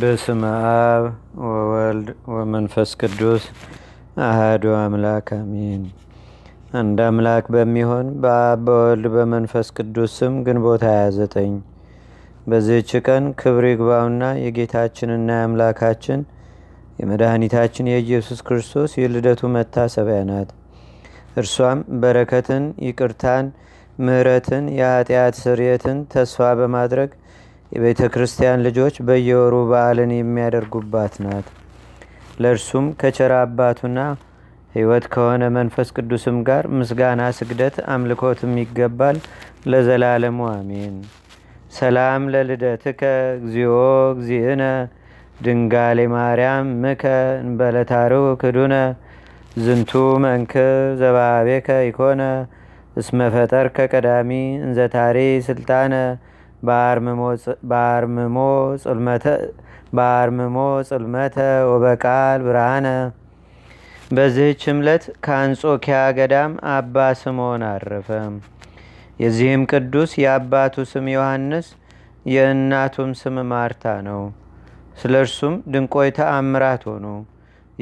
በስም አብ ወወልድ ወመንፈስ ቅዱስ አህዶ አምላክ አሚን አንድ አምላክ በሚሆን በአብ በወልድ በመንፈስ ቅዱስ ስም ግንቦት 29 በዚህች ቀን ክብር ይግባውና የጌታችንና የአምላካችን የመድኃኒታችን የኢየሱስ ክርስቶስ የልደቱ መታሰቢያ ናት። እርሷም በረከትን፣ ይቅርታን፣ ምህረትን የኃጢአት ስርየትን ተስፋ በማድረግ የቤተ ክርስቲያን ልጆች በየወሩ በዓልን የሚያደርጉባት ናት። ለእርሱም ከቸራ አባቱና ህይወት ከሆነ መንፈስ ቅዱስም ጋር ምስጋና፣ ስግደት፣ አምልኮትም ይገባል ለዘላለሙ አሜን። ሰላም ለልደትከ እግዚኦ እግዚእነ ድንጋሌ ማርያም ምከ እንበለታርው ክዱነ ዝንቱ መንክ ዘባቤከ ይኮነ እስመፈጠር ቀዳሚ እንዘታሪ ስልጣነ በአርምሞ ጽልመተ ወበቃል ብርሃነ። በዚህች ዕለት ከአንጾኪያ ገዳም አባ ስምዖን አረፈ። የዚህም ቅዱስ የአባቱ ስም ዮሐንስ የእናቱም ስም ማርታ ነው። ስለ እርሱም ድንቆይ ተአምራት ሆኑ።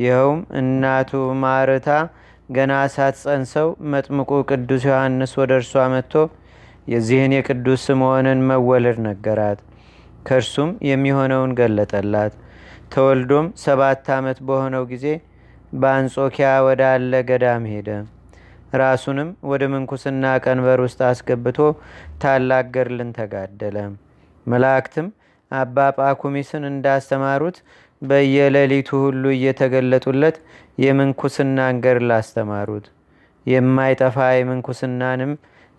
ይኸውም እናቱ ማርታ ገና ጸንሰው መጥምቁ ቅዱስ ዮሐንስ ወደ እርሷ መጥቶ የዚህን የቅዱስ ስምዖንን መወለድ ነገራት። ከእርሱም የሚሆነውን ገለጠላት። ተወልዶም ሰባት ዓመት በሆነው ጊዜ በአንጾኪያ ወደ አለ ገዳም ሄደ። ራሱንም ወደ ምንኩስና ቀንበር ውስጥ አስገብቶ ታላቅ ገርልን ተጋደለ። መላእክትም አባ ጳኩሚስን እንዳስተማሩት በየሌሊቱ ሁሉ እየተገለጡለት የምንኩስናን ገርል አስተማሩት። የማይጠፋ የምንኩስናንም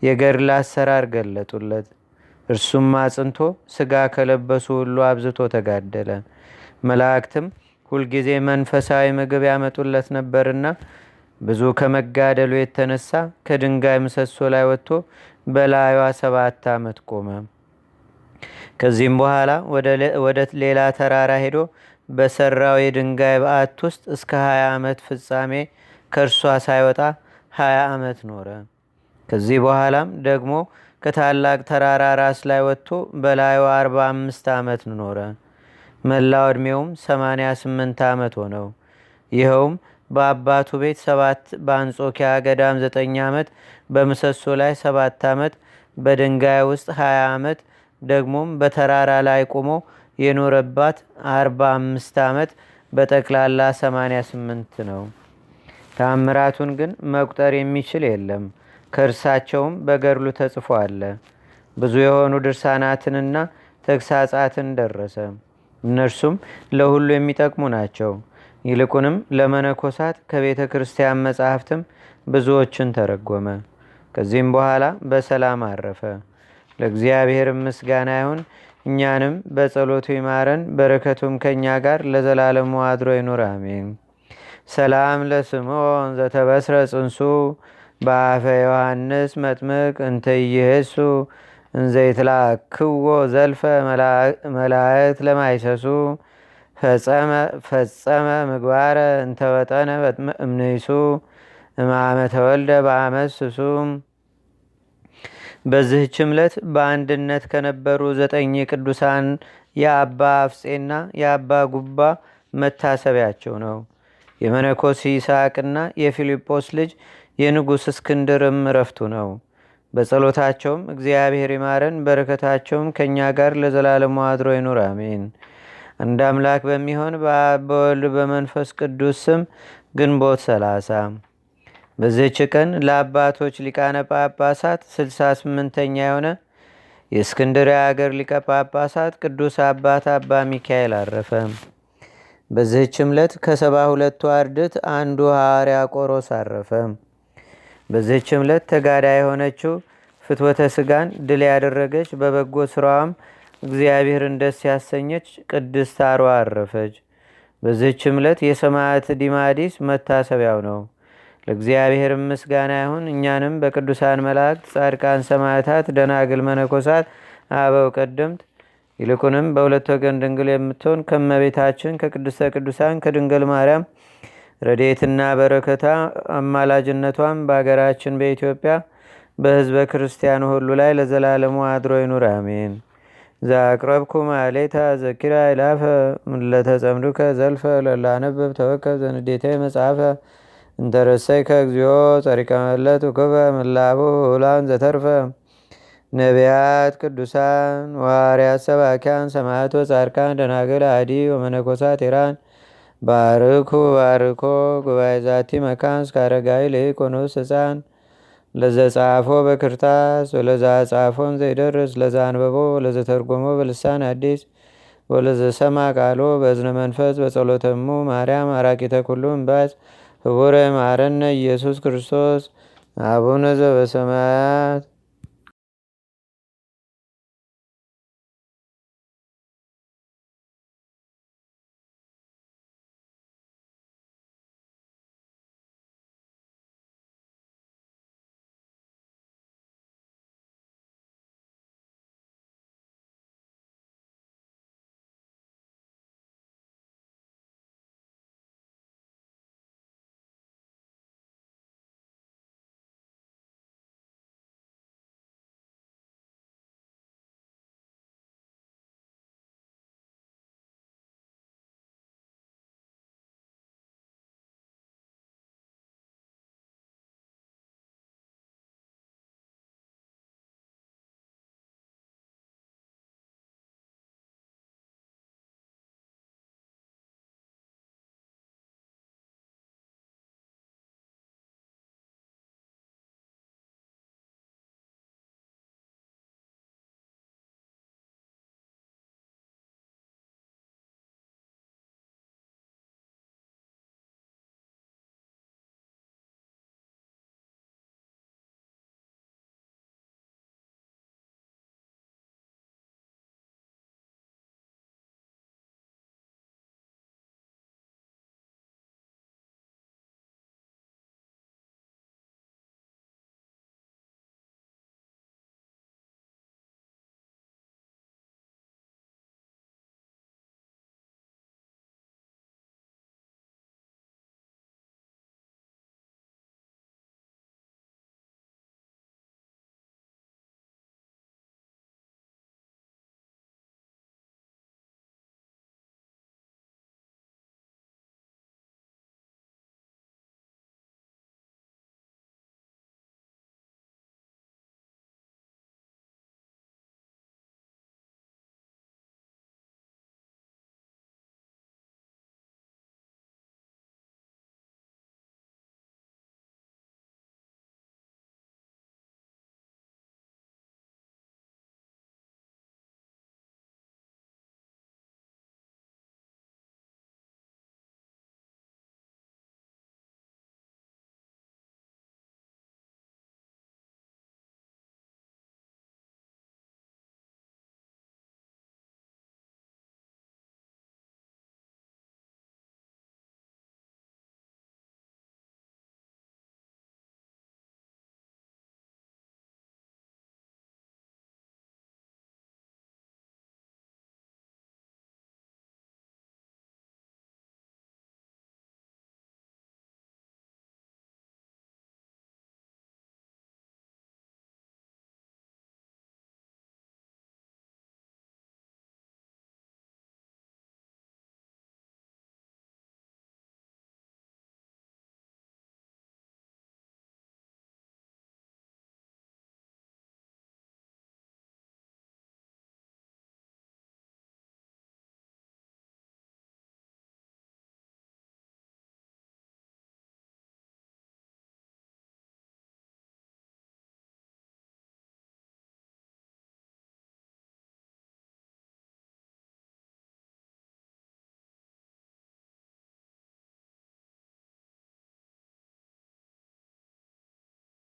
የገድል አሰራር ገለጡለት። እርሱም አጽንቶ ስጋ ከለበሱ ሁሉ አብዝቶ ተጋደለ። መላእክትም ሁልጊዜ መንፈሳዊ ምግብ ያመጡለት ነበርና ብዙ ከመጋደሉ የተነሳ ከድንጋይ ምሰሶ ላይ ወጥቶ በላዩዋ ሰባት ዓመት ቆመ። ከዚህም በኋላ ወደ ሌላ ተራራ ሄዶ በሰራው የድንጋይ በዓት ውስጥ እስከ 20 ዓመት ፍጻሜ ከእርሷ ሳይወጣ 20 ዓመት ኖረ። ከዚህ በኋላም ደግሞ ከታላቅ ተራራ ራስ ላይ ወጥቶ በላዩ 45 ዓመት ኖረ። መላው ዕድሜውም 88 ዓመት ሆነው። ይኸውም በአባቱ ቤት ሰባት በአንጾኪያ ገዳም 9 ዓመት በምሰሶ ላይ 7 ዓመት በድንጋይ ውስጥ 20 ዓመት ደግሞም በተራራ ላይ ቆሞ የኖረባት 45 ዓመት በጠቅላላ 88 ነው። ታምራቱን ግን መቁጠር የሚችል የለም። ከእርሳቸውም በገድሉ ተጽፎ አለ። ብዙ የሆኑ ድርሳናትንና ተግሳጻትን ደረሰ። እነርሱም ለሁሉ የሚጠቅሙ ናቸው። ይልቁንም ለመነኮሳት ከቤተ ክርስቲያን መጻሕፍትም ብዙዎችን ተረጎመ። ከዚህም በኋላ በሰላም አረፈ። ለእግዚአብሔር ምስጋና ይሁን። እኛንም በጸሎቱ ይማረን፣ በረከቱም ከእኛ ጋር ለዘላለሙ አድሮ ይኑር። አሜን። ሰላም ለስምዖን ዘተበስረ ጽንሱ በአፈ ዮሐንስ መጥምቅ እንተይህሱ እንዘይትላክዎ ዘልፈ መላእክት ለማይሰሱ ፈጸመ ምግባረ እንተወጠነ እምንይሱ እማመ ተወልደ በአመት ስሱ በዚህች በአንድነት ከነበሩ ዘጠኝ ቅዱሳን የአባ አፍጼና የአባ ጉባ መታሰቢያቸው ነው። የመነኮስ ይስቅና የፊልጶስ ልጅ የንጉሥ እስክንድርም ረፍቱ ነው። በጸሎታቸውም እግዚአብሔር ይማረን፣ በረከታቸውም ከእኛ ጋር ለዘላለሙ አድሮ ይኑር፣ አሜን። እንደ አምላክ በሚሆን በአብ በወልድ በመንፈስ ቅዱስ ስም ግንቦት ሰላሳ በዘች ቀን ለአባቶች ሊቃነ ጳጳሳት 68ኛ የሆነ የእስክንድር አገር ሊቀ ጳጳሳት ቅዱስ አባት አባ ሚካኤል አረፈ። በዚህች ምለት ከሰባ ሁለቱ አርድት አንዱ ሐዋርያ ቆሮስ አረፈ። በዚህች ዕለት ተጋዳ የሆነችው ፍትወተ ስጋን ድል ያደረገች በበጎ ስራዋም እግዚአብሔርን ደስ ያሰኘች ቅድስት አሯ አረፈች። በዚህች ዕለት የሰማዕት ዲማዲስ መታሰቢያው ነው። ለእግዚአብሔር ምስጋና ይሁን። እኛንም በቅዱሳን መላእክት፣ ጻድቃን፣ ሰማዕታት፣ ደናግል፣ መነኮሳት፣ አበው ቀደምት ይልቁንም በሁለት ወገን ድንግል የምትሆን ከመቤታችን ከቅድስተ ቅዱሳን ከድንግል ማርያም ረዴትና በረከታ አማላጅነቷም በሀገራችን በኢትዮጵያ በህዝበ ክርስቲያኑ ሁሉ ላይ ለዘላለሙ አድሮ ይኑር፣ አሜን። ዛቅረብኩ ማሌታ ዘኪራ ይላፈ ለተጸምዱከ ዘልፈ ለላነበብ ተወከብ ዘንዴቴ መጽሐፈ እንተረሰይ እግዚኦ ጸሪቀ መለት ውክበ ምላቡ ሁላን ዘተርፈ ነቢያት፣ ቅዱሳን፣ ዋርያት፣ ሰባኪያን፣ ሰማዕት፣ ወጻድቃን፣ ደናግል፣ አዲ ወመነኮሳት ኢራን ባርኩ ባርኮ ጉባኤ ዛቲ መካን እስካረጋዊ ለኢኮኖስ ህፃን ለዘጻፎ በክርታስ ወለዛ ጻፎን ዘይደርስ ለዛ አንበቦ ለዘተርጎሞ በልሳን አዲስ ወለዘሰማ ቃሎ በእዝነ መንፈስ በጸሎተሙ ማርያም አራቂተ ኩሉ እምባስ ህቡረ ማረነ ኢየሱስ ክርስቶስ አቡነ ዘበሰማያት